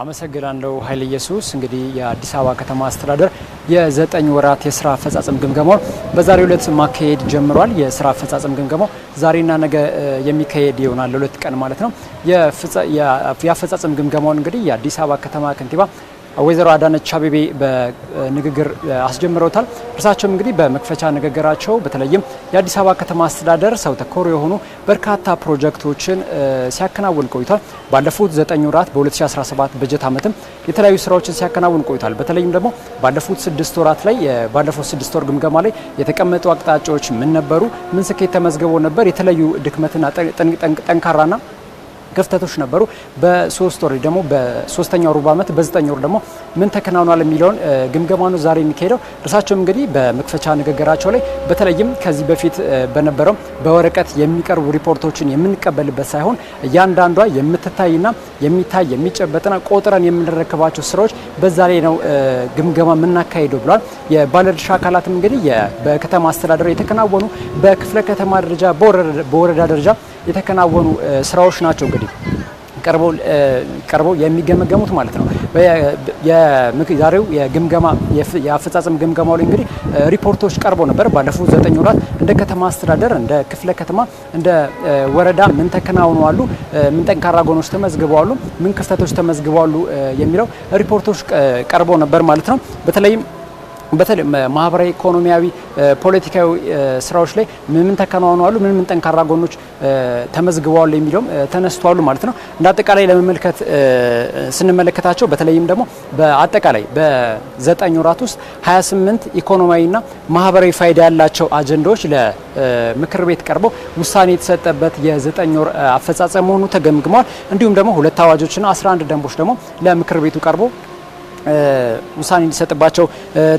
አመሰግናለሁ ኃይል ኢየሱስ። እንግዲህ የአዲስ አበባ ከተማ አስተዳደር የዘጠኝ ወራት የስራ አፈጻጸም ግምገማውን በዛሬው ሁለት ማካሄድ ጀምሯል። የስራ አፈጻጸም ግምገማው ዛሬና ነገ የሚካሄድ ይሆናል፣ ለሁለት ቀን ማለት ነው። የአፈጻጸም ግምገማውን እንግዲህ የአዲስ አበባ ከተማ ከንቲባ ወይዘሮ አዳነች አቤቤ በንግግር አስጀምረውታል። እርሳቸውም እንግዲህ በመክፈቻ ንግግራቸው በተለይም የአዲስ አበባ ከተማ አስተዳደር ሰው ተኮር የሆኑ በርካታ ፕሮጀክቶችን ሲያከናውን ቆይቷል። ባለፉት ዘጠኝ ወራት በ2017 በጀት ዓመትም የተለያዩ ስራዎችን ሲያከናውን ቆይቷል። በተለይም ደግሞ ባለፉት ስድስት ወራት ላይ ባለፉት ስድስት ወር ግምገማ ላይ የተቀመጡ አቅጣጫዎች ምን ነበሩ? ምን ስኬት ተመዝግቦ ነበር? የተለያዩ ድክመትና ጠንካራና ክፍተቶች ነበሩ። በሶስት ወር ደግሞ በሶስተኛው ሩብ ዓመት በዘጠኝ ወር ደግሞ ምን ተከናውኗል የሚለውን ግምገማ ነው ዛሬ የሚካሄደው። እርሳቸውም እንግዲህ በመክፈቻ ንግግራቸው ላይ በተለይም ከዚህ በፊት በነበረው በወረቀት የሚቀርቡ ሪፖርቶችን የምንቀበልበት ሳይሆን እያንዳንዷ የምትታይና የሚታይ የሚጨበጥና ቆጥረን የምንረከባቸው ስራዎች በዛ ላይ ነው ግምገማ የምናካሄደው ብሏል። የባለድርሻ አካላትም እንግዲህ በከተማ አስተዳደር የተከናወኑ በክፍለ ከተማ ደረጃ በወረዳ ደረጃ የተከናወኑ ስራዎች ናቸው እንግዲህ ቀርበው የሚገመገሙት ማለት ነው። የዛሬው የግምገማ የአፈጻጸም ግምገማው ላይ እንግዲህ ሪፖርቶች ቀርበው ነበር። ባለፉት ዘጠኝ ወራት እንደ ከተማ አስተዳደር፣ እንደ ክፍለ ከተማ፣ እንደ ወረዳ ምን ተከናውነዋሉ፣ ምን ጠንካራ ጎኖች ተመዝግበዋሉ፣ ምን ክፍተቶች ተመዝግበዋሉ የሚለው ሪፖርቶች ቀርበው ነበር ማለት ነው በተለይም በተለይ ማህበራዊ፣ ኢኮኖሚያዊ፣ ፖለቲካዊ ስራዎች ላይ ምን ምን ተከናውነዋሉ፣ ምን ምን ጠንካራ ጎኖች ተመዝግበዋል የሚለውም ተነስተዋል ማለት ነው። እንደ አጠቃላይ ለመመልከት ስንመለከታቸው በተለይም ደግሞ በአጠቃላይ በዘጠኝ ወራት ውስጥ 28 ኢኮኖሚያዊና ማህበራዊ ፋይዳ ያላቸው አጀንዳዎች ለምክር ቤት ቀርበው ውሳኔ የተሰጠበት የዘጠኝ ወር አፈጻጸም መሆኑ ተገምግመዋል። እንዲሁም ደግሞ ሁለት አዋጆችና 11 ደንቦች ደግሞ ለምክር ቤቱ ቀርቦ ውሳኔ እንዲሰጥባቸው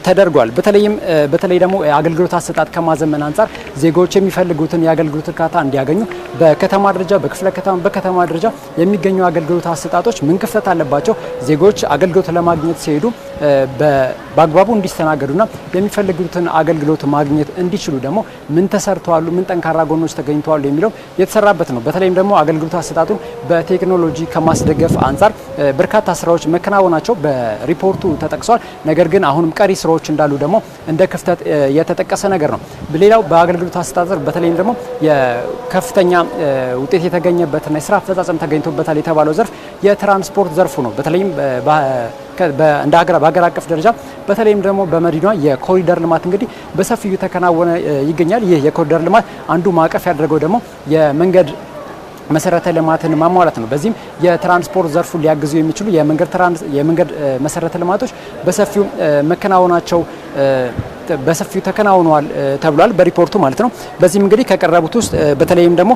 ተደርጓል። በተለይም በተለይ ደግሞ የአገልግሎት አሰጣጥ ከማዘመን አንጻር ዜጎች የሚፈልጉትን የአገልግሎት እርካታ እንዲያገኙ በከተማ ደረጃ፣ በክፍለ ከተማ፣ በከተማ ደረጃ የሚገኙ አገልግሎት አሰጣጦች ምን ክፍተት አለባቸው? ዜጎች አገልግሎት ለማግኘት ሲሄዱ በአግባቡ እንዲስተናገዱና የሚፈልጉትን አገልግሎት ማግኘት እንዲችሉ ደግሞ ምን ተሰርተዋሉ፣ ምን ጠንካራ ጎኖች ተገኝተዋሉ የሚለው የተሰራበት ነው። በተለይም ደግሞ አገልግሎት አሰጣጡን በቴክኖሎጂ ከማስደገፍ አንጻር በርካታ ስራዎች መከናወናቸው በሪፖርቱ ተጠቅሷል። ነገር ግን አሁንም ቀሪ ስራዎች እንዳሉ ደግሞ እንደ ክፍተት የተጠቀሰ ነገር ነው። ሌላው በአገልግሎት አሰጣጠር በተለይም ደግሞ የከፍተኛ ውጤት የተገኘበትና የስራ አፈጻጸም ተገኝቶበታል የተባለው ዘርፍ የትራንስፖርት ዘርፉ ነው። በተለይም እንደ ሀገር በሀገር አቀፍ ደረጃ በተለይም ደግሞ በመዲኗ የኮሪደር ልማት እንግዲህ በሰፊው እየተከናወነ ይገኛል። ይህ የኮሪደር ልማት አንዱ ማዕቀፍ ያደረገው ደግሞ የመንገድ መሰረተ ልማትን ማሟላት ነው። በዚህም የትራንስፖርት ዘርፉ ሊያግዙ የሚችሉ የመንገድ መሰረተ ልማቶች በሰፊው መከናወናቸው በሰፊው ተከናውኗል ተብሏል፣ በሪፖርቱ ማለት ነው። በዚህም እንግዲህ ከቀረቡት ውስጥ በተለይም ደግሞ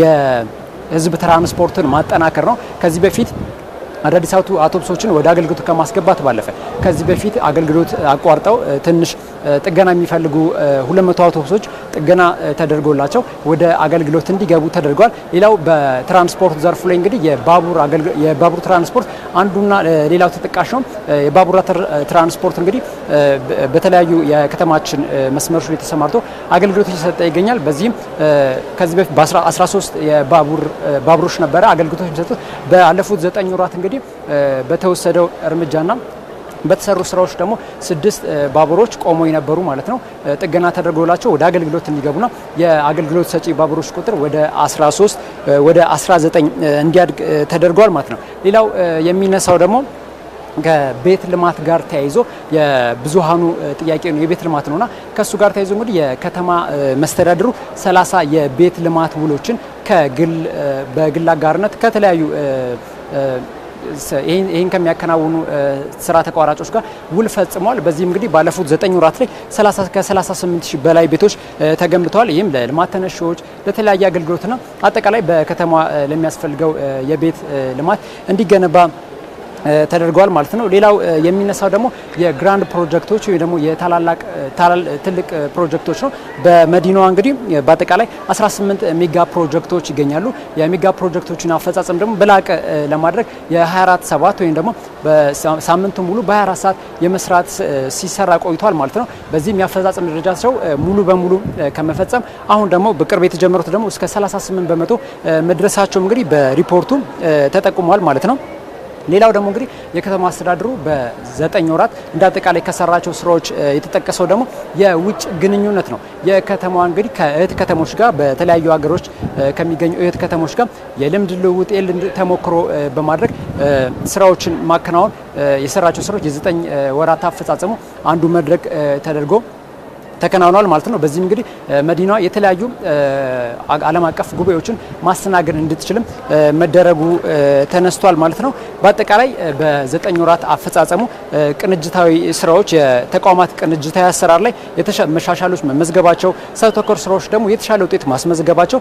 የህዝብ ትራንስፖርትን ማጠናከር ነው። ከዚህ በፊት አዳዲስ አውቶቡሶችን ወደ አገልግሎት ከማስገባት ባለፈ ከዚህ በፊት አገልግሎት አቋርጠው ትንሽ ጥገና የሚፈልጉ 200 አውቶቡሶች ጥገና ተደርጎላቸው ወደ አገልግሎት እንዲገቡ ተደርጓል። ሌላው በትራንስፖርት ዘርፉ ላይ እንግዲህ የባቡር ትራንስፖርት አንዱና ሌላው ተጠቃሽ ነው። የባቡር ትራንስፖርት እንግዲህ በተለያዩ የከተማችን መስመሮች ላይ ተሰማርቶ አገልግሎት እየሰጠ ይገኛል። በዚህም ከዚህ በፊት በ13 ባቡሮች ነበረ አገልግሎት የሚሰጡት። ባለፉት ዘጠኝ ወራት እንግዲህ በተወሰደው እርምጃና በተሰሩ ስራዎች ደግሞ ስድስት ባቡሮች ቆሞ የነበሩ ማለት ነው ጥገና ተደርጎላቸው ወደ አገልግሎት ነው። የአገልግሎት ሰጪ ባቡሮች ቁጥር ወደ 13 ወደ 19 እንዲያድግ ተደርጓል ማለት ነው። ሌላው የሚነሳው ደግሞ ከቤት ልማት ጋር ተያይዞ የብዙሃኑ ጥያቄ ነው፣ የቤት ልማት ነውና ከእሱ ጋር ተያይዞ እንግዲህ የከተማ መስተዳድሩ 30 የቤት ልማት ውሎችን ከግል በግል አጋርነት ከተለያዩ ይህን ከሚያከናውኑ ስራ ተቋራጮች ጋር ውል ፈጽመዋል። በዚህም እንግዲህ ባለፉት ዘጠኝ ወራት ላይ ከ38 ሺህ በላይ ቤቶች ተገንብተዋል። ይህም ለልማት ተነሺዎች ለተለያየ አገልግሎትና አጠቃላይ በከተማ ለሚያስፈልገው የቤት ልማት እንዲገነባ ተደርገዋል ማለት ነው። ሌላው የሚነሳው ደግሞ የግራንድ ፕሮጀክቶች ወይ ደግሞ የታላላቅ ትልቅ ፕሮጀክቶች ነው። በመዲናዋ እንግዲህ በአጠቃላይ 18 ሜጋ ፕሮጀክቶች ይገኛሉ። የሜጋ ፕሮጀክቶችን አፈጻጸም ደግሞ በላቀ ለማድረግ የ 24 ሰባት ወይም ደግሞ በሳምንቱ ሙሉ በ24 ሰዓት የመስራት ሲሰራ ቆይቷል ማለት ነው። በዚህም የአፈጻጸም ደረጃ ሰው ሙሉ በሙሉ ከመፈጸም አሁን ደግሞ በቅርብ የተጀመሩት ደግሞ እስከ 38 በመቶ መድረሳቸውም እንግዲህ በሪፖርቱ ተጠቁሟል ማለት ነው። ሌላው ደግሞ እንግዲህ የከተማ አስተዳደሩ በዘጠኝ ወራት እንዳጠቃላይ ከሰራቸው ስራዎች የተጠቀሰው ደግሞ የውጭ ግንኙነት ነው። የከተማዋ እንግዲህ ከእህት ከተሞች ጋር በተለያዩ ሀገሮች ከሚገኙ እህት ከተሞች ጋር የልምድ ልውውጥ የልምድ ተሞክሮ በማድረግ ስራዎችን ማከናወን የሰራቸው ስራዎች የዘጠኝ ወራት አፈጻጸሙ አንዱ መድረክ ተደርጎ ተከናውኗል ማለት ነው። በዚህም እንግዲህ መዲናዋ የተለያዩ ዓለም አቀፍ ጉባኤዎችን ማስተናገድ እንድትችልም መደረጉ ተነስቷል ማለት ነው። በአጠቃላይ በዘጠኝ ወራት አፈጻጸሙ ቅንጅታዊ ስራዎች፣ የተቋማት ቅንጅታዊ አሰራር ላይ መሻሻሎች መመዝገባቸው፣ ሰው ተኮር ስራዎች ደግሞ የተሻለ ውጤት ማስመዝገባቸው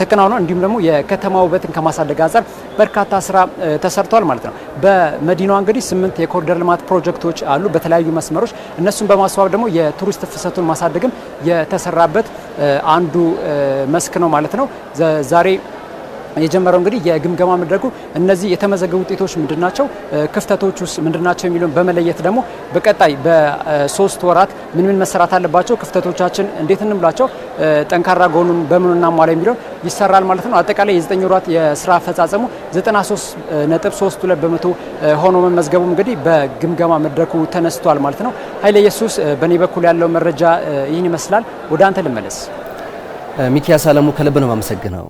ተከናውኗል። እንዲሁም ደግሞ የከተማ ውበትን ከማሳደግ አንጻር በርካታ ስራ ተሰርቷል ማለት ነው። በመዲናዋ እንግዲህ ስምንት የኮሪደር ልማት ፕሮጀክቶች አሉ በተለያዩ መስመሮች። እነሱን በማስዋብ ደግሞ የቱሪስት ፍሰቱን ማሳደግም የተሰራበት አንዱ መስክ ነው ማለት ነው ዛሬ የጀመረው። እንግዲህ የግምገማ መድረኩ እነዚህ የተመዘገቡ ውጤቶች ምንድናቸው፣ ክፍተቶች ውስጥ ምንድናቸው የሚለውን በመለየት ደግሞ በቀጣይ በሶስት ወራት ምን ምን መሰራት አለባቸው፣ ክፍተቶቻችን እንዴት እንምላቸው፣ ጠንካራ ጎኑን በምን እናሟላ የሚለውን ይሰራል ማለት ነው። አጠቃላይ የዘጠኝ ወራት የስራ አፈጻጸሙ 93.32 በመቶ ሆኖ መመዝገቡ እንግዲህ በግምገማ መድረኩ ተነስቷል ማለት ነው። ኃይለ ኢየሱስ፣ በእኔ በኩል ያለው መረጃ ይህን ይመስላል። ወደ አንተ ልመለስ። ሚኪያስ አለሙ፣ ከልብ ነው የማመሰግነው።